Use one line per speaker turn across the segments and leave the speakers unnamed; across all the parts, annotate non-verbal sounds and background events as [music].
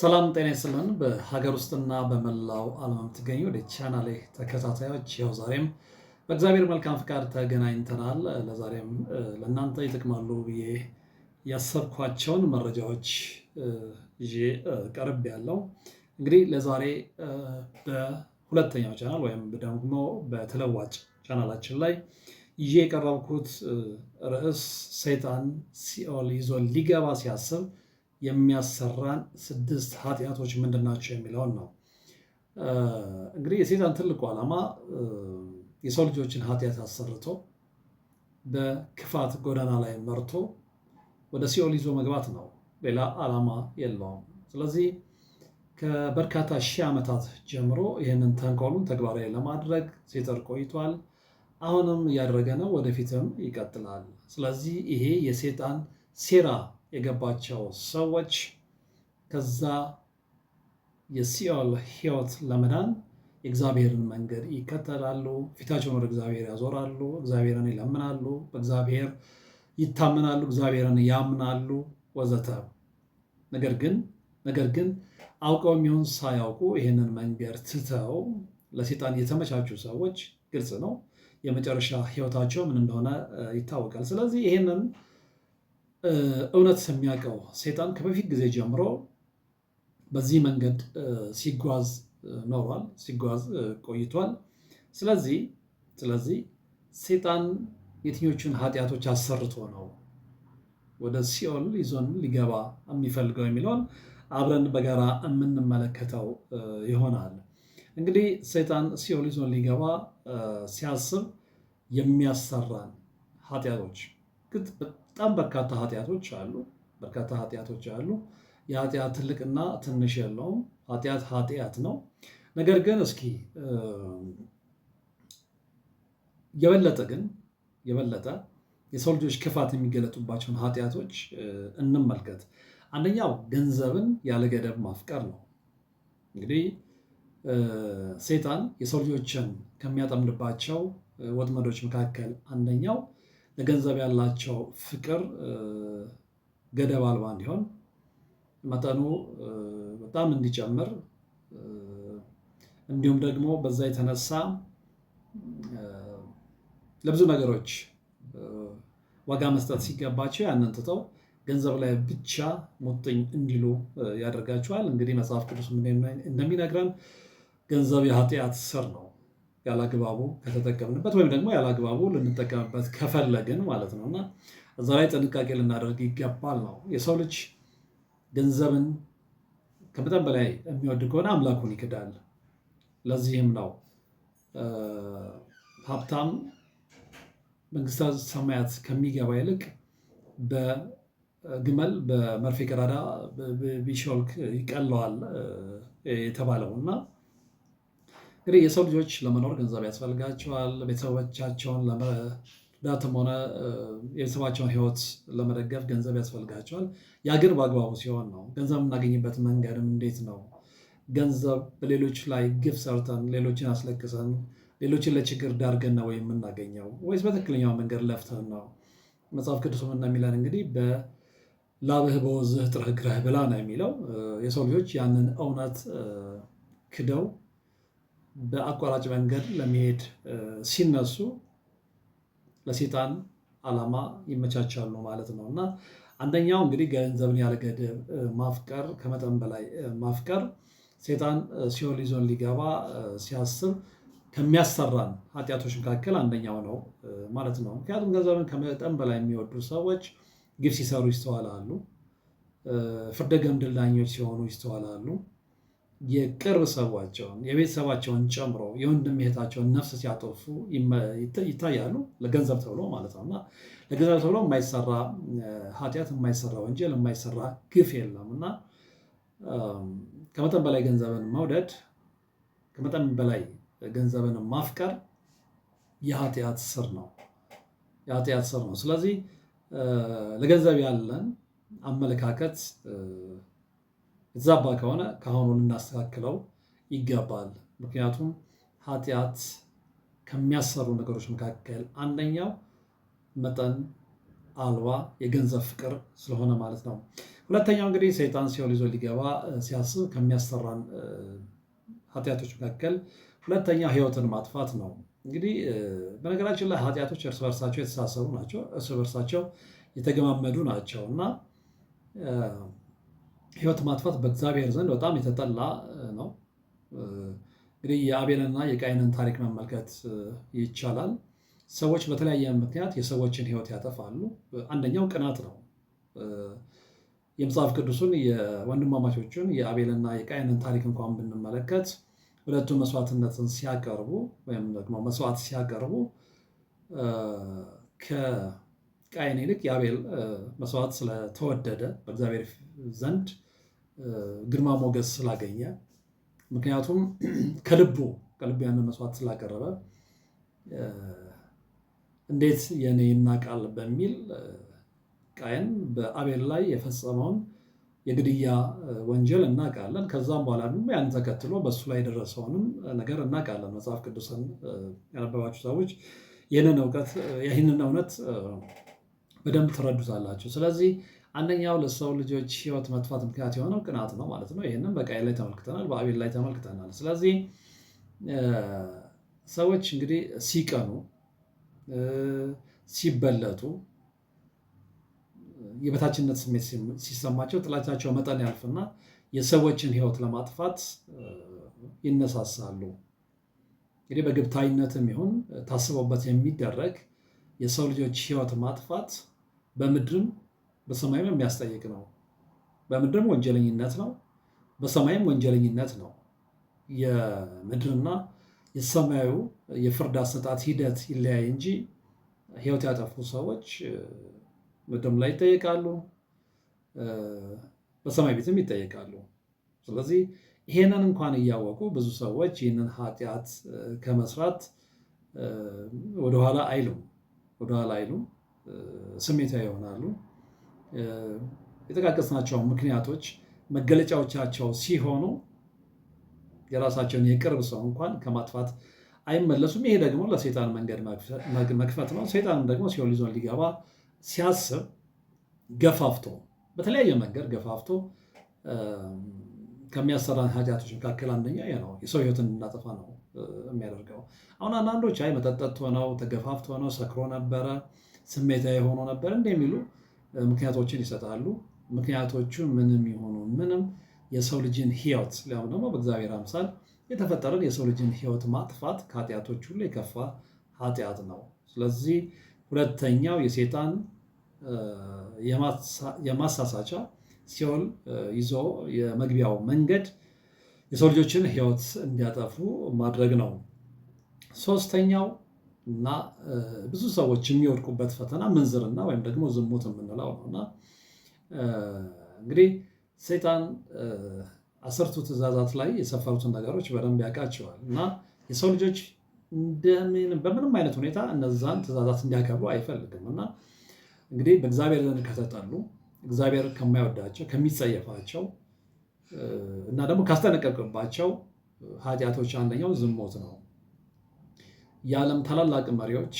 ሰላም ጤና ይስጥልን። በሀገር ውስጥና በመላው ዓለም የምትገኙ ወደ ቻናሌ ተከታታዮች ያው ዛሬም በእግዚአብሔር መልካም ፍቃድ ተገናኝተናል። ለዛሬም ለእናንተ ይጠቅማሉ ብዬ ያሰብኳቸውን መረጃዎች ይዤ ቀርብ ያለው እንግዲህ ለዛሬ በሁለተኛው ቻናል ወይም ደግሞ በተለዋጭ ቻናላችን ላይ ይዤ የቀረብኩት ርዕስ ሰይጣን ሲኦል ይዞ ሊገባ ሲያስብ የሚያሰራን ስድስት ኃጢአቶች ምንድን ናቸው የሚለውን ነው። እንግዲህ የሴጣን ትልቁ ዓላማ የሰው ልጆችን ኃጢአት አሰርቶ በክፋት ጎዳና ላይ መርቶ ወደ ሲኦል ይዞ መግባት ነው። ሌላ ዓላማ የለውም። ስለዚህ ከበርካታ ሺህ ዓመታት ጀምሮ ይህንን ተንኮሉን ተግባራዊ ለማድረግ ሲጥር ቆይቷል። አሁንም እያደረገ ነው፣ ወደፊትም ይቀጥላል። ስለዚህ ይሄ የሴጣን ሴራ የገባቸው ሰዎች ከዛ የሲኦል ህይወት ለመዳን የእግዚአብሔርን መንገድ ይከተላሉ። ፊታቸውን ወደ እግዚአብሔር ያዞራሉ፣ እግዚአብሔርን ይለምናሉ፣ በእግዚአብሔር ይታመናሉ፣ እግዚአብሔርን ያምናሉ ወዘተ። ነገር ግን ነገር ግን አውቀው የሚሆን ሳያውቁ ይህንን መንገድ ትተው ለሴጣን የተመቻቹ ሰዎች ግልጽ ነው የመጨረሻ ህይወታቸው ምን እንደሆነ ይታወቃል። ስለዚህ ይህንን እውነት የሚያውቀው ሴጣን ከበፊት ጊዜ ጀምሮ በዚህ መንገድ ሲጓዝ ኖሯል፣ ሲጓዝ ቆይቷል። ስለዚህ ስለዚህ ሴጣን የትኞቹን ኃጢአቶች አሰርቶ ነው ወደ ሲኦል ይዞን ሊገባ የሚፈልገው የሚለውን አብረን በጋራ የምንመለከተው ይሆናል። እንግዲህ ሰይጣን ሲኦል ይዞን ሊገባ ሲያስብ የሚያሰራን ኃጢአቶች በእርግጥ በጣም በርካታ ኃጢአቶች አሉ። በርካታ ኃጢአቶች አሉ። የኃጢአት ትልቅና ትንሽ የለውም። ኃጢአት ኃጢአት ነው። ነገር ግን እስኪ የበለጠ ግን የበለጠ የሰው ልጆች ክፋት የሚገለጡባቸውን ኃጢአቶች እንመልከት። አንደኛው ገንዘብን ያለ ገደብ ማፍቀር ነው። እንግዲህ ሴጣን የሰው ልጆችን ከሚያጠምድባቸው ወጥመዶች መካከል አንደኛው ለገንዘብ ያላቸው ፍቅር ገደብ አልባ እንዲሆን መጠኑ በጣም እንዲጨምር እንዲሁም ደግሞ በዛ የተነሳ ለብዙ ነገሮች ዋጋ መስጠት ሲገባቸው ያንን ትተው ገንዘብ ላይ ብቻ ሙጥኝ እንዲሉ ያደርጋቸዋል። እንግዲህ መጽሐፍ ቅዱስ እንደሚነግረን ገንዘብ የኃጢአት ስር ነው። ያላግባቡ ከተጠቀምንበት ወይም ደግሞ ያላግባቡ ልንጠቀምበት ከፈለግን ማለት ነው እና እዛ ላይ ጥንቃቄ ልናደርግ ይገባል ነው። የሰው ልጅ ገንዘብን ከመጠን በላይ የሚወድ ከሆነ አምላኩን ይክዳል። ለዚህም ነው ሀብታም መንግስተ ሰማያት ከሚገባ ይልቅ በግመል በመርፌ ቀዳዳ ቢሾልክ ይቀለዋል የተባለው እና እንግዲህ የሰው ልጆች ለመኖር ገንዘብ ያስፈልጋቸዋል። ቤተሰቦቻቸውን ለመርዳትም ሆነ የቤተሰባቸውን ሕይወት ለመደገፍ ገንዘብ ያስፈልጋቸዋል። ያ ግን በአግባቡ ሲሆን ነው። ገንዘብ የምናገኝበት መንገድም እንዴት ነው? ገንዘብ በሌሎች ላይ ግፍ ሰርተን ሌሎችን አስለቅሰን ሌሎችን ለችግር ዳርገን ነው የምናገኘው ወይስ በትክክለኛው መንገድ ለፍተን ነው? መጽሐፍ ቅዱስም ምና የሚለን እንግዲህ በላብህ በወዝህ ጥረህ ግረህ ብላ ነው የሚለው። የሰው ልጆች ያንን እውነት ክደው በአቋራጭ መንገድ ለመሄድ ሲነሱ ለሴጣን ዓላማ ይመቻቻሉ ማለት ነው እና አንደኛው እንግዲህ ገንዘብን ያለ ማፍቀር፣ ከመጠን በላይ ማፍቀር ሴጣን ሲኦል ይዞን ሊገባ ሲያስብ ከሚያሰራን ኃጢአቶች መካከል አንደኛው ነው ማለት ነው። ምክንያቱም ገንዘብን ከመጠን በላይ የሚወዱ ሰዎች ግብ ሲሰሩ ይስተዋላሉ። ፍርደ ገምድል ዳኞች ሲሆኑ ይስተዋላሉ። የቅርብ ሰዋቸውን የቤተሰባቸውን ጨምሮ የወንድም እህታቸውን ነፍስ ሲያጠፉ ይታያሉ። ለገንዘብ ተብሎ ማለት ነው። እና ለገንዘብ ተብሎ የማይሰራ ኃጢአት፣ የማይሰራ ወንጀል፣ የማይሰራ ግፍ የለም እና ከመጠን በላይ ገንዘብን መውደድ፣ ከመጠን በላይ ገንዘብን ማፍቀር የኃጢአት ስር ነው። የኃጢአት ስር ነው። ስለዚህ ለገንዘብ ያለን አመለካከት የተዛባ ከሆነ ከአሁኑ ልናስተካክለው ይገባል። ምክንያቱም ኃጢአት ከሚያሰሩ ነገሮች መካከል አንደኛው መጠን አልባ የገንዘብ ፍቅር ስለሆነ ማለት ነው። ሁለተኛው እንግዲህ ሰይጣን ሲኦል ይዞ ሊገባ ሲያስብ ከሚያሰራን ኃጢአቶች መካከል ሁለተኛ ህይወትን ማጥፋት ነው። እንግዲህ በነገራችን ላይ ኃጢአቶች እርስ በርሳቸው የተሳሰሩ ናቸው፣ እርስ በርሳቸው የተገማመዱ ናቸው እና ህይወት ማጥፋት በእግዚአብሔር ዘንድ በጣም የተጠላ ነው። እንግዲህ የአቤልና የቃይንን ታሪክ መመልከት ይቻላል። ሰዎች በተለያየ ምክንያት የሰዎችን ህይወት ያጠፋሉ። አንደኛው ቅናት ነው። የመጽሐፍ ቅዱሱን የወንድማማቾቹን የአቤልና የቃይንን ታሪክ እንኳን ብንመለከት ሁለቱ መስዋዕትነትን ሲያቀርቡ ወይም ደግሞ መስዋዕት ሲያቀርቡ ከቃይን ይልቅ የአቤል መስዋዕት ስለተወደደ በእግዚአብሔር ዘንድ ግርማ ሞገስ ስላገኘ፣ ምክንያቱም [clears throat] ከልቡ ከልቡ ያንን መስዋዕት ስላቀረበ እንዴት የኔ ይናቃል በሚል ቃየን በአቤል ላይ የፈጸመውን የግድያ ወንጀል እናውቃለን። ከዛም በኋላ ደግሞ ያን ተከትሎ በእሱ ላይ የደረሰውንም ነገር እናውቃለን። መጽሐፍ ቅዱስን ያነበባችሁ ሰዎች ይህንን እውነት በደንብ ትረዱታላችሁ። ስለዚህ አንደኛው ለሰው ልጆች ህይወት መጥፋት ምክንያት የሆነው ቅናት ነው ማለት ነው። ይህንም በቃይ ላይ ተመልክተናል፣ በአቤል ላይ ተመልክተናል። ስለዚህ ሰዎች እንግዲህ ሲቀኑ፣ ሲበለጡ፣ የበታችነት ስሜት ሲሰማቸው ጥላቻቸው መጠን ያልፍና የሰዎችን ህይወት ለማጥፋት ይነሳሳሉ። እንግዲህ በግብታዊነትም ይሁን ታስበውበት የሚደረግ የሰው ልጆች ህይወት ማጥፋት በምድርም በሰማይም የሚያስጠይቅ ነው፣ በምድርም ወንጀለኝነት ነው፣ በሰማይም ወንጀለኝነት ነው። የምድርና የሰማዩ የፍርድ አሰጣት ሂደት ይለያይ እንጂ ሕይወት ያጠፉ ሰዎች ምድርም ላይ ይጠየቃሉ፣ በሰማይ ቤትም ይጠየቃሉ። ስለዚህ ይሄንን እንኳን እያወቁ ብዙ ሰዎች ይህንን ኃጢአት ከመስራት ወደኋላ አይሉም ወደኋላ አይሉም፣ ስሜታዊ ይሆናሉ። የጠቃቀስናቸው ምክንያቶች መገለጫዎቻቸው ሲሆኑ የራሳቸውን የቅርብ ሰው እንኳን ከማጥፋት አይመለሱም። ይሄ ደግሞ ለሴጣን መንገድ መክፈት ነው። ሴጣን ደግሞ ሲኦል ይዞን ሊገባ ሲያስብ ገፋፍቶ በተለያየ መንገድ ገፋፍቶ ከሚያሰራን ኃጢአቶች መካከል አንደኛ ነው የሰው ህይወትን እንዳጠፋ ነው የሚያደርገው። አሁን አንዳንዶች አይ መጠጠት ሆነው ተገፋፍቶ ሆነው ሰክሮ ነበረ፣ ስሜታዊ ሆኖ ነበር እንደሚሉ ምክንያቶችን ይሰጣሉ። ምክንያቶቹ ምንም የሆኑ ምንም የሰው ልጅን ህይወት ሊያውም ደግሞ በእግዚአብሔር አምሳል የተፈጠረን የሰው ልጅን ህይወት ማጥፋት ከኃጢአቶች ሁሉ የከፋ ኃጢአት ነው። ስለዚህ ሁለተኛው የሴጣን የማሳሳቻ ሲሆን ይዞ የመግቢያው መንገድ የሰው ልጆችን ህይወት እንዲያጠፉ ማድረግ ነው። ሶስተኛው እና ብዙ ሰዎች የሚወድቁበት ፈተና ምንዝርና ወይም ደግሞ ዝሙት የምንለው ነው። እና እንግዲህ ሰይጣን አስርቱ ትእዛዛት ላይ የሰፈሩትን ነገሮች በደንብ ያውቃቸዋል እና የሰው ልጆች በምንም አይነት ሁኔታ እነዛን ትእዛዛት እንዲያከብሩ አይፈልግም። እና እንግዲህ በእግዚአብሔር ዘንድ ከተጠሉ እግዚአብሔር ከማይወዳቸው ከሚጸየፋቸው እና ደግሞ ካስጠነቀቅባቸው ኃጢአቶች አንደኛው ዝሞት ነው። የዓለም ታላላቅ መሪዎች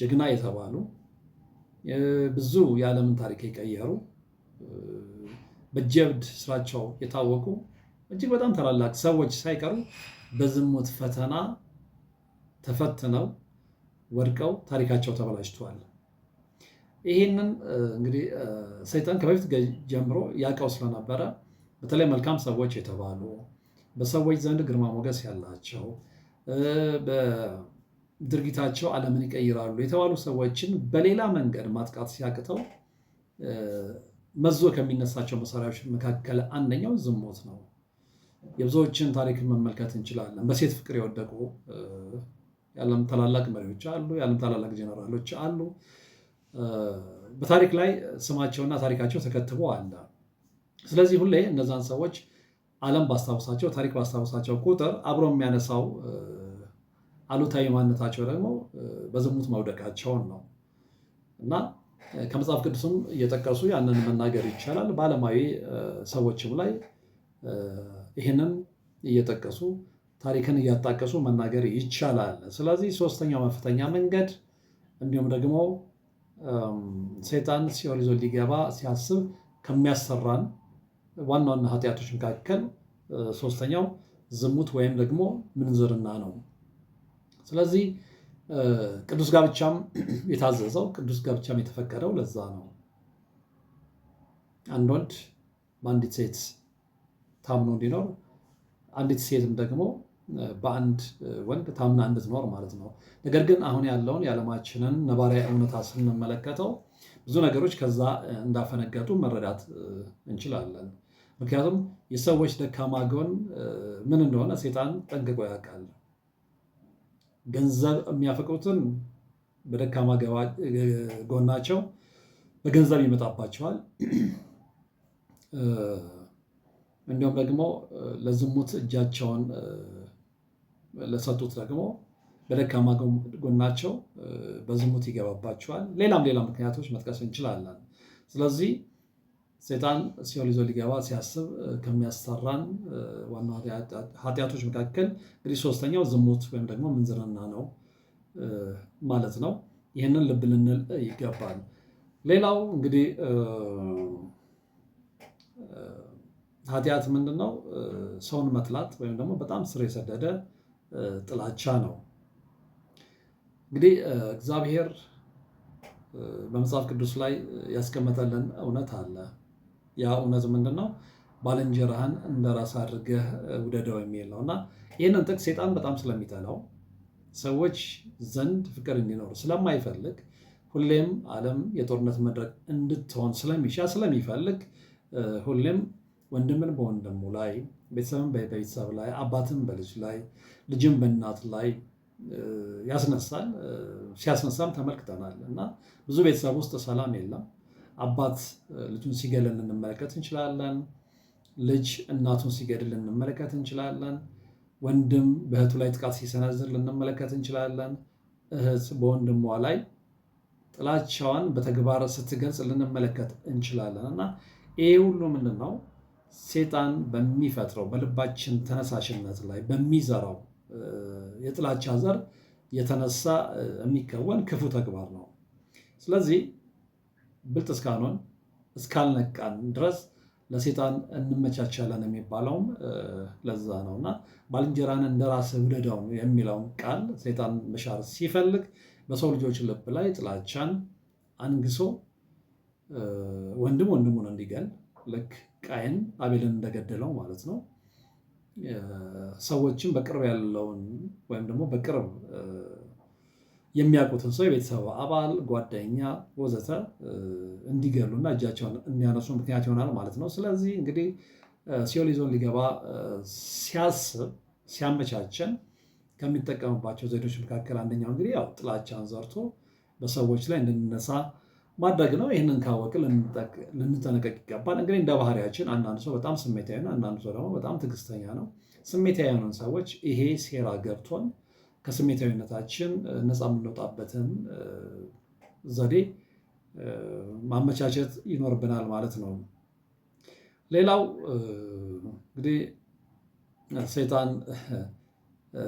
ጀግና የተባሉ ብዙ የዓለምን ታሪክ የቀየሩ በጀብድ ስራቸው የታወቁ እጅግ በጣም ታላላቅ ሰዎች ሳይቀሩ በዝሙት ፈተና ተፈትነው ወድቀው ታሪካቸው ተበላሽተዋል። ይህንን እንግዲህ ሰይጣን ከበፊት ጀምሮ ያውቀው ስለነበረ በተለይ መልካም ሰዎች የተባሉ በሰዎች ዘንድ ግርማ ሞገስ ያላቸው በድርጊታቸው ዓለምን ይቀይራሉ የተባሉ ሰዎችን በሌላ መንገድ ማጥቃት ሲያቅተው መዞ ከሚነሳቸው መሳሪያዎች መካከል አንደኛው ዝሙት ነው። የብዙዎችን ታሪክ መመልከት እንችላለን። በሴት ፍቅር የወደቁ የዓለም ታላላቅ መሪዎች አሉ። የዓለም ታላላቅ ጀነራሎች አሉ። በታሪክ ላይ ስማቸውና ታሪካቸው ተከትቦ አለ። ስለዚህ ሁሌ እነዛን ሰዎች ዓለም ባስታውሳቸው ታሪክ ባስታውሳቸው ቁጥር አብሮ የሚያነሳው አሉታዊ ማንነታቸው ደግሞ በዝሙት መውደቃቸውን ነው እና ከመጽሐፍ ቅዱስም እየጠቀሱ ያንን መናገር ይቻላል። በዓለማዊ ሰዎችም ላይ ይህንን እየጠቀሱ ታሪክን እያጣቀሱ መናገር ይቻላል። ስለዚህ ሶስተኛው መፍተኛ መንገድ እንዲሁም ደግሞ ሰይጣን ሲኦል ይዞ ሊገባ ሲያስብ ከሚያሰራን ዋና ዋና ኃጢአቶች መካከል ሶስተኛው ዝሙት ወይም ደግሞ ምንዝርና ነው። ስለዚህ ቅዱስ ጋብቻም [clears throat] የታዘዘው ቅዱስ ጋብቻም የተፈቀደው ለዛ ነው። አንድ ወንድ በአንዲት ሴት ታምኖ እንዲኖር አንዲት ሴትም ደግሞ በአንድ ወንድ ታምና እንድትኖር ማለት ነው። ነገር ግን አሁን ያለውን የዓለማችንን ነባራዊ እውነታ ስንመለከተው ብዙ ነገሮች ከዛ እንዳፈነገጡ መረዳት እንችላለን። ምክንያቱም የሰዎች ደካማ ጎን ምን እንደሆነ ሴጣን ጠንቅቆ ያውቃል። ገንዘብ የሚያፈቅሩትን በደካማ ጎናቸው በገንዘብ ይመጣባቸዋል። እንዲሁም ደግሞ ለዝሙት እጃቸውን ለሰጡት ደግሞ በደካማ ጎናቸው በዝሙት ይገባባቸዋል። ሌላም ሌላ ምክንያቶች መጥቀስ እንችላለን። ስለዚህ ሴጣን ሲኦል ይዞ ሊገባ ሲያስብ ከሚያሰራን ዋና ኃጢአቶች መካከል እንግዲህ ሶስተኛው ዝሙት ወይም ደግሞ ምንዝርና ነው ማለት ነው። ይህንን ልብ ልንል ይገባል። ሌላው እንግዲህ ኃጢአት ምንድን ነው? ሰውን መጥላት ወይም ደግሞ በጣም ስር የሰደደ ጥላቻ ነው። እንግዲህ እግዚአብሔር በመጽሐፍ ቅዱስ ላይ ያስቀመጠልን እውነት አለ። ያ እውነት ምንድን ነው? ባልንጀራህን እንደ ራስ አድርገህ ውደደው የሚል ነው እና ይህንን ጥቅስ ሴጣን በጣም ስለሚጠላው ሰዎች ዘንድ ፍቅር እንዲኖር ስለማይፈልግ ሁሌም ዓለም የጦርነት መድረክ እንድትሆን ስለሚሻ ስለሚፈልግ ሁሌም ወንድምን በወንድሙ ላይ፣ ቤተሰብን በቤተሰብ ላይ፣ አባትን በልጅ ላይ፣ ልጅን በእናት ላይ ያስነሳል። ሲያስነሳም ተመልክተናል እና ብዙ ቤተሰብ ውስጥ ሰላም የለም። አባት ልጁን ሲገልን እንመለከት እንችላለን። ልጅ እናቱን ሲገድል ልንመለከት እንችላለን። ወንድም በእህቱ ላይ ጥቃት ሲሰነዝር ልንመለከት እንችላለን። እህት በወንድሟ ላይ ጥላቻዋን በተግባር ስትገልጽ ልንመለከት እንችላለን እና ይሄ ሁሉ ምንድን ነው? ሴጣን በሚፈጥረው በልባችን ተነሳሽነት ላይ በሚዘራው የጥላቻ ዘር የተነሳ የሚከወን ክፉ ተግባር ነው። ስለዚህ ብልጥ እስካልሆን እስካልነቃን ድረስ ለሴጣን እንመቻቻለን የሚባለውም ለዛ ነው እና ባልንጀራን እንደ ራስህ ውደደው የሚለውን ቃል ሴጣን መሻር ሲፈልግ በሰው ልጆች ልብ ላይ ጥላቻን አንግሶ ወንድም ወንድሙን እንዲገል ልክ ቃይን አቤልን እንደገደለው ማለት ነው። ሰዎችን በቅርብ ያለውን ወይም ደግሞ በቅርብ የሚያውቁትን ሰው የቤተሰብ አባል፣ ጓደኛ፣ ወዘተ እንዲገሉና እጃቸውን እንዲያነሱ ምክንያት ይሆናል ማለት ነው። ስለዚህ እንግዲህ ሲኦል ይዞን ሊገባ ሲያስብ ሲያመቻችን ከሚጠቀምባቸው ዘዴዎች መካከል አንደኛው እንግዲህ ያው ጥላቻን ዘርቶ በሰዎች ላይ እንድንነሳ ማድረግ ነው። ይህንን ካወቅ ልንጠነቀቅ ይገባል። እንግዲህ እንደ ባህሪያችን አንዳንድ ሰው በጣም ስሜታዊ ነው፣ አንዳንድ ሰው ደግሞ በጣም ትዕግስተኛ ነው። ስሜታዊ የሆነን ሰዎች ይሄ ሴራ ገብቶን ከስሜታዊነታችን ነፃ የምንወጣበትን ዘዴ ማመቻቸት ይኖርብናል ማለት ነው። ሌላው እንግዲህ ሰይጣን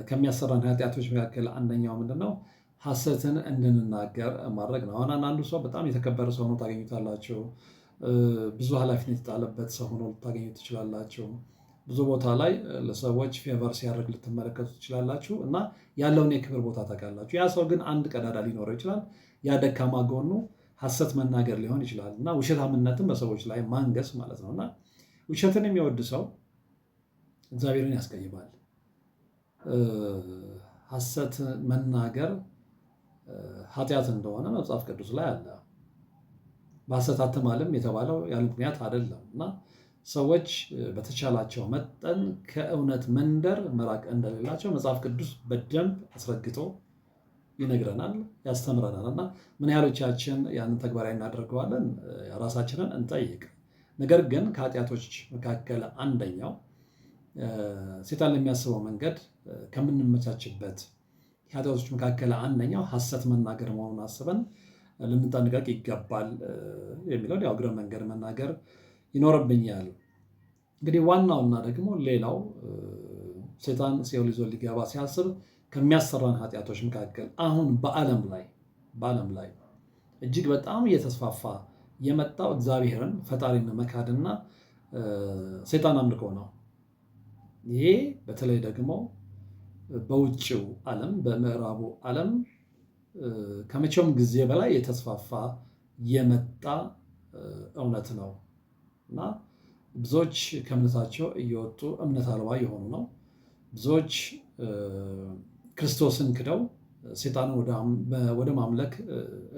ከሚያሰራን ኃጢአቶች መካከል አንደኛው ምንድን ነው? ሐሰትን እንድንናገር ማድረግ ነው። አሁን አንዳንዱ ሰው በጣም የተከበረ ሰው ሆኖ ታገኙታላቸው። ብዙ ኃላፊነት የጣለበት ሰው ሆኖ ልታገኙ ትችላላቸው። ብዙ ቦታ ላይ ለሰዎች ፌቨር ሲያደርግ ልትመለከቱ ትችላላችሁ እና ያለውን የክብር ቦታ ታውቃላችሁ። ያ ሰው ግን አንድ ቀዳዳ ሊኖረው ይችላል። ያ ደካማ ጎኑ ሐሰት መናገር ሊሆን ይችላል እና ውሸታምነትን በሰዎች ላይ ማንገስ ማለት ነው እና ውሸትን የሚወድ ሰው እግዚአብሔርን ያስቀይማል። ሐሰት መናገር ኃጢአት እንደሆነ መጽሐፍ ቅዱስ ላይ አለ። በሐሰት አትማልም የተባለው ያለ ምክንያት አይደለም እና ሰዎች በተቻላቸው መጠን ከእውነት መንደር መራቅ እንደሌላቸው መጽሐፍ ቅዱስ በደንብ አስረግጦ ይነግረናል፣ ያስተምረናል። እና ምን ያህሎቻችን ያንን ተግባራዊ እናደርገዋለን? ራሳችንን እንጠይቅ። ነገር ግን ከኃጢአቶች መካከል አንደኛው ሴጣን ለሚያስበው መንገድ ከምንመቻችበት ከኃጢአቶች መካከል አንደኛው ሐሰት መናገር መሆኑን አስበን ልንጠንቀቅ ይገባል የሚለውን ያው እግረ መንገድ መናገር ይኖርብኛል። እንግዲህ ዋናውና ደግሞ ሌላው ሴጣን ሲኦል ይዞ ሊገባ ሲያስብ ከሚያሰራን ኃጢአቶች መካከል አሁን በዓለም ላይ በዓለም ላይ እጅግ በጣም እየተስፋፋ የመጣው እግዚአብሔርን ፈጣሪን መካድና ሴጣን አምልኮ ነው። ይሄ በተለይ ደግሞ በውጭው ዓለም በምዕራቡ ዓለም ከመቼውም ጊዜ በላይ የተስፋፋ የመጣ እውነት ነው። እና ብዙዎች ከእምነታቸው እየወጡ እምነት አልባ የሆኑ ነው። ብዙዎች ክርስቶስን ክደው ሴጣንን ወደ ማምለክ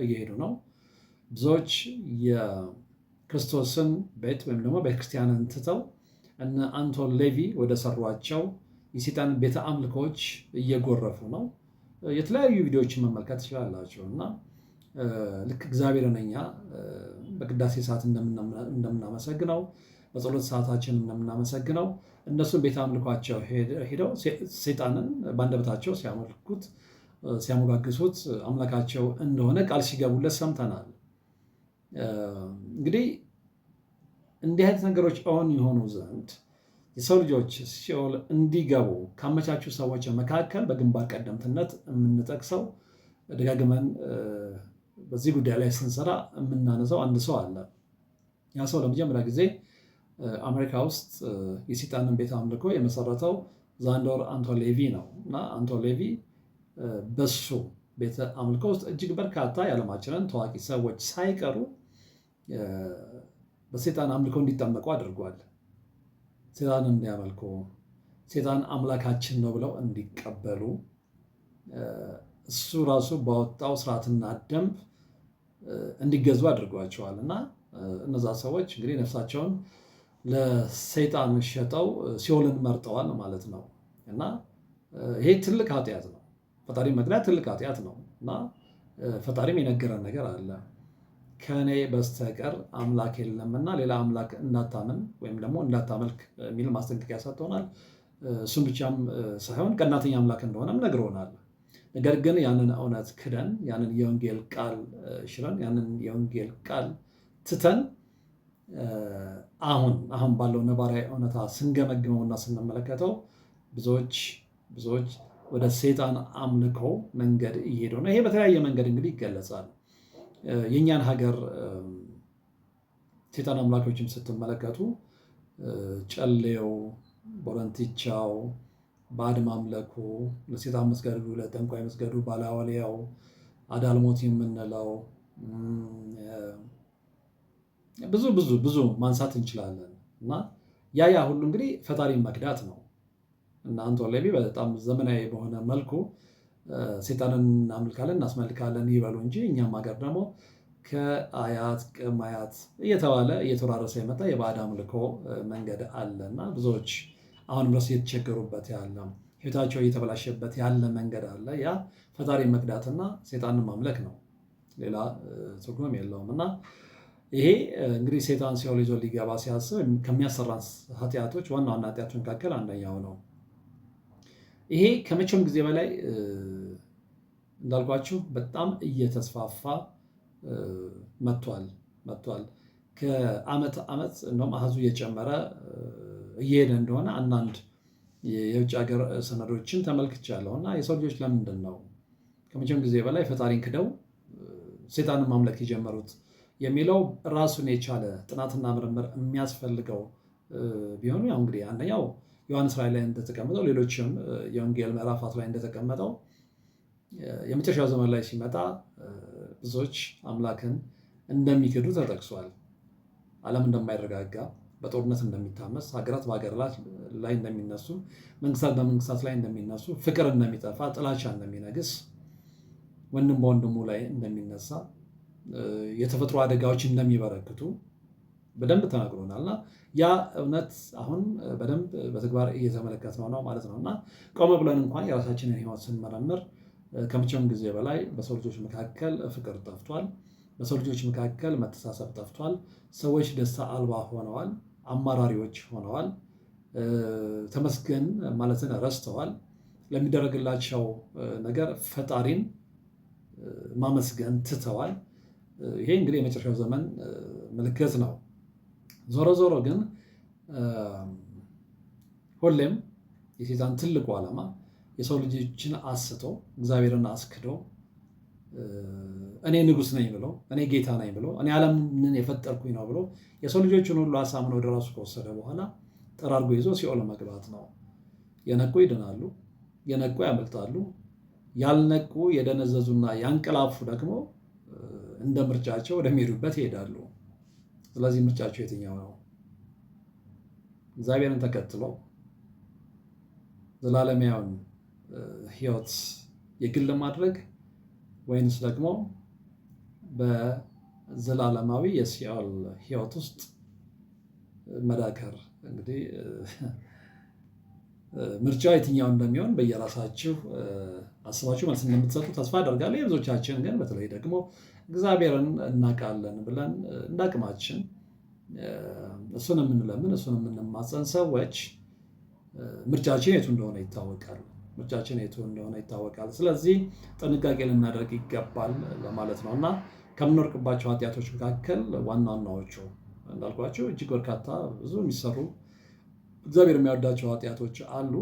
እየሄዱ ነው። ብዙዎች የክርስቶስን ቤት ወይም ደግሞ ቤተክርስቲያንን ትተው እነ አንቶን ሌቪ ወደ ሰሯቸው የሴጣን ቤተ አምልኮች እየጎረፉ ነው። የተለያዩ ቪዲዮዎችን መመልከት ትችላላችሁ እና ልክ እግዚአብሔርን እኛ በቅዳሴ ሰዓት እንደምናመሰግነው በጸሎት ሰዓታችን እንደምናመሰግነው እነሱን ቤተ አምልኳቸው ሄደው ሰይጣንን በአንደበታቸው ሲያመልኩት ሲያሞጋግሱት አምላካቸው እንደሆነ ቃል ሲገቡለት ሰምተናል። እንግዲህ እንዲህ አይነት ነገሮች እውን የሆኑ ዘንድ የሰው ልጆች ሲኦል እንዲገቡ ካመቻቹ ሰዎች መካከል በግንባር ቀደምትነት የምንጠቅሰው ደጋግመን በዚህ ጉዳይ ላይ ስንሰራ የምናነሳው አንድ ሰው አለ። ያ ሰው ለመጀመሪያ ጊዜ አሜሪካ ውስጥ የሴጣንን ቤት አምልኮ የመሰረተው ዛንዶር ሌቪ ነው እና ሌቪ በሱ ቤተ አምልኮ ውስጥ እጅግ በርካታ የዓለማችንን ታዋቂ ሰዎች ሳይቀሩ በሴጣን አምልኮ እንዲጠመቁ አድርጓል። ሴጣን እንዲያመልኩ፣ ሴጣን አምላካችን ነው ብለው እንዲቀበሉ እሱ ራሱ ባወጣው ስርዓትና ደንብ እንዲገዙ አድርጓቸዋል እና እነዛ ሰዎች እንግዲህ ነፍሳቸውን ለሰይጣን ሸጠው ሲኦልን መርጠዋል ማለት ነው። እና ይሄ ትልቅ ኃጢአት ነው። ፈጣሪ መግዳት ትልቅ ኃጢአት ነው እና ፈጣሪም የነገረን ነገር አለ። ከእኔ በስተቀር አምላክ የለምና ሌላ አምላክ እንዳታምን ወይም ደግሞ እንዳታመልክ የሚል ማስጠንቀቂያ ሰጥቶናል። እሱም ብቻም ሳይሆን ቀናተኛ አምላክ እንደሆነም ነግሮናል። ነገር ግን ያንን እውነት ክደን ያንን የወንጌል ቃል ሽረን ያንን የወንጌል ቃል ትተን አሁን አሁን ባለው ነባራዊ እውነታ እና ስንመለከተው ብዙዎች ብዙዎች ወደ ሴጣን አምልኮ መንገድ እየሄዱ ነው። ይሄ በተለያየ መንገድ እንግዲህ ይገለጻል። የእኛን ሀገር ሴጣን አምላኮችም ስትመለከቱ ጨሌው፣ ቦረንቲቻው ባዕድ ማምለኩ፣ ለሴታ መስገዱ፣ ለጠንቋይ መስገዱ፣ ባላዋልያው፣ አዳልሞት የምንለው ብዙ ብዙ ብዙ ማንሳት እንችላለን እና ያ ያ ሁሉ እንግዲህ ፈጣሪ መክዳት ነው እና አንቶን ሌቪ በጣም ዘመናዊ በሆነ መልኩ ሴጣንን እናመልካለን እናስመልካለን ይበሉ እንጂ እኛም ሀገር ደግሞ ከአያት ቅማያት እየተባለ እየተወራረሰ የመጣ የባዕድ አምልኮ መንገድ አለ እና ብዙዎች አሁን ድረስ እየተቸገሩበት ያለ ህይወታቸው እየተበላሸበት ያለ መንገድ አለ። ያ ፈጣሪ መቅዳትና ሴጣንን ማምለክ ነው። ሌላ ትርጉም የለውም። እና ይሄ እንግዲህ ሴጣን ሲኦል ይዞ ሊገባ ሲያስብ ከሚያሰራን ኃጢአቶች ዋና ዋና ኃጢአቶች መካከል አንደኛው ነው። ይሄ ከመቼም ጊዜ በላይ እንዳልኳችሁ በጣም እየተስፋፋ መጥቷል መጥቷል ከአመት አመት እንደውም አህዙ እየጨመረ እየሄደ እንደሆነ አንዳንድ የውጭ ሀገር ሰነዶችን ተመልክቻለሁ እና የሰው ልጆች ለምንድን ነው ከመቼም ጊዜ በላይ ፈጣሪን ክደው ሴጣንን ማምለክ የጀመሩት የሚለው ራሱን የቻለ ጥናትና ምርምር የሚያስፈልገው ቢሆኑ ያው እንግዲህ አንደኛው ዮሐንስ ራዕይ ላይ እንደተቀመጠው ሌሎችም የወንጌል ምዕራፋት ላይ እንደተቀመጠው የመጨረሻው ዘመን ላይ ሲመጣ ብዙዎች አምላክን እንደሚክዱ ተጠቅሷል። ዓለም እንደማይረጋጋ በጦርነት እንደሚታመስ፣ ሀገራት በሀገር ላይ እንደሚነሱ፣ መንግስታት በመንግስታት ላይ እንደሚነሱ፣ ፍቅር እንደሚጠፋ፣ ጥላቻ እንደሚነግስ፣ ወንድም በወንድሙ ላይ እንደሚነሳ፣ የተፈጥሮ አደጋዎች እንደሚበረክቱ በደንብ ተናግሮናል እና ያ እውነት አሁን በደንብ በተግባር እየተመለከትነው ነው ማለት ነው። እና ቆመ ብለን እንኳን የራሳችንን ህይወት ስንመረምር ከመቼውም ጊዜ በላይ በሰው ልጆች መካከል ፍቅር ጠፍቷል። በሰው ልጆች መካከል መተሳሰብ ጠፍቷል። ሰዎች ደስታ አልባ ሆነዋል። አማራሪዎች ሆነዋል። ተመስገን ማለትን ረስተዋል። ለሚደረግላቸው ነገር ፈጣሪን ማመስገን ትተዋል። ይሄ እንግዲህ የመጨረሻው ዘመን ምልክት ነው። ዞሮ ዞሮ ግን ሁሌም የሴጣን ትልቁ ዓላማ የሰው ልጆችን አስቶ እግዚአብሔርን አስክዶ እኔ ንጉስ ነኝ ብሎ እኔ ጌታ ነኝ ብሎ እኔ ዓለምን የፈጠርኩኝ ነው ብሎ የሰው ልጆችን ሁሉ አሳምኖ ወደ ራሱ ከወሰደ በኋላ ጠራርጎ ይዞ ሲኦል መግባት ነው። የነቁ ይድናሉ፣ የነቁ ያመልጣሉ። ያልነቁ የደነዘዙና ያንቀላፉ ደግሞ እንደ ምርጫቸው ወደሚሄዱበት ይሄዳሉ። ስለዚህ ምርጫቸው የትኛው ነው? እግዚአብሔርን ተከትሎ ዘላለማዊውን ህይወት የግል ለማድረግ ወይንስ ደግሞ በዘላለማዊ የሲኦል ህይወት ውስጥ መዳከር። እንግዲህ ምርጫ የትኛው እንደሚሆን በየራሳችሁ አስባችሁ መልስ እንደምትሰጡ ተስፋ አደርጋለሁ። የብዙዎቻችን ግን በተለይ ደግሞ እግዚአብሔርን እናውቃለን ብለን እንዳቅማችን እሱን የምንለምን እሱን የምንማፀን ሰዎች ምርጫችን የቱ እንደሆነ ይታወቃል። ምርጫችን የቱ እንደሆነ ይታወቃል። ስለዚህ ጥንቃቄ ልናደርግ ይገባል ለማለት ነው እና ከምንወርቅባቸው ኃጢአቶች መካከል ዋና ዋናዎቹ እንዳልኳቸው እጅግ በርካታ ብዙ የሚሰሩ እግዚአብሔር የሚያወዳቸው ኃጢአቶች አሉ።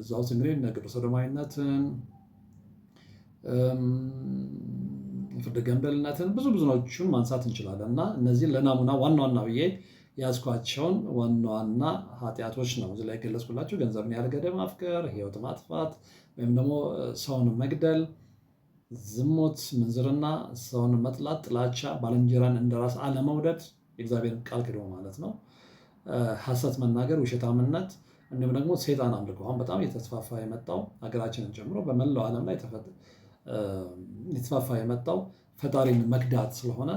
እዛ ውስጥ እንግዲህ ግብረ ሰዶማዊነትን፣ ፍርድ ገምደልነትን ብዙ ብዙዎቹን ማንሳት እንችላለን እና እነዚህ ለናሙና ዋና ዋና ብዬ ያዝኳቸውን ዋና ዋና ኃጢአቶች ነው እዚ ላይ ገለጽኩላችሁ። ገንዘብን ያለ ገደብ ማፍቀር፣ ህይወት ማጥፋት ወይም ደግሞ ሰውን መግደል፣ ዝሙት፣ ምንዝርና፣ ሰውን መጥላት፣ ጥላቻ፣ ባልንጀራን እንደራስ አለመውደድ፣ የእግዚአብሔርን ቃል ክዶ ማለት ነው፣ ሐሰት መናገር፣ ውሸታምነት እንዲሁም ደግሞ ሰይጣን አምልኮ አሁን በጣም የተስፋፋ የመጣው ሀገራችንን ጨምሮ በመላው ዓለም ላይ የተስፋፋ የመጣው ፈጣሪን መክዳት ስለሆነ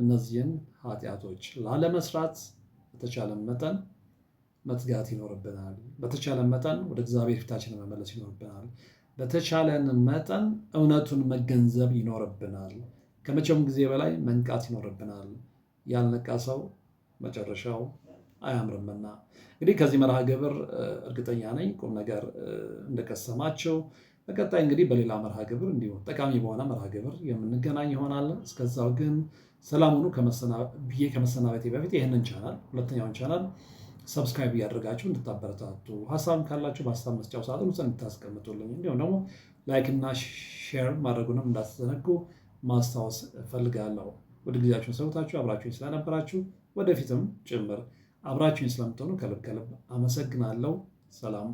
እነዚህን ኃጢአቶች ላለመስራት በተቻለ መጠን መትጋት ይኖርብናል። በተቻለ መጠን ወደ እግዚአብሔር ፊታችን መመለስ ይኖርብናል። በተቻለን መጠን እውነቱን መገንዘብ ይኖርብናል። ከመቼውም ጊዜ በላይ መንቃት ይኖርብናል። ያልነቃ ሰው መጨረሻው አያምርምና እንግዲህ ከዚህ መርሃ ግብር እርግጠኛ ነኝ ቁም ነገር እንደቀሰማቸው። በቀጣይ እንግዲህ በሌላ መርሃ ግብር እንዲሁ ጠቃሚ በሆነ መርሃ ግብር የምንገናኝ ይሆናል። እስከዛው ግን ሰላም ሁኑ ብዬ ከመሰናበቴ በፊት ይህንን ቻናል ሁለተኛውን ቻናል ሰብስክራይብ እያደረጋችሁ እንድታበረታቱ ሀሳብ ካላችሁ በሀሳብ መስጫው ሳጥን ውስጥ እንድታስቀምጡልኝ እንዲሁም ደግሞ ላይክና ሼር ማድረጉንም እንዳትዘነጉ ማስታወስ እፈልጋለሁ። ወደ ጊዜያችሁን ሰውታችሁ አብራችሁኝ ስለነበራችሁ ወደፊትም ጭምር አብራችሁኝ ስለምትሆኑ ከልብ ከልብ አመሰግናለሁ። ሰላም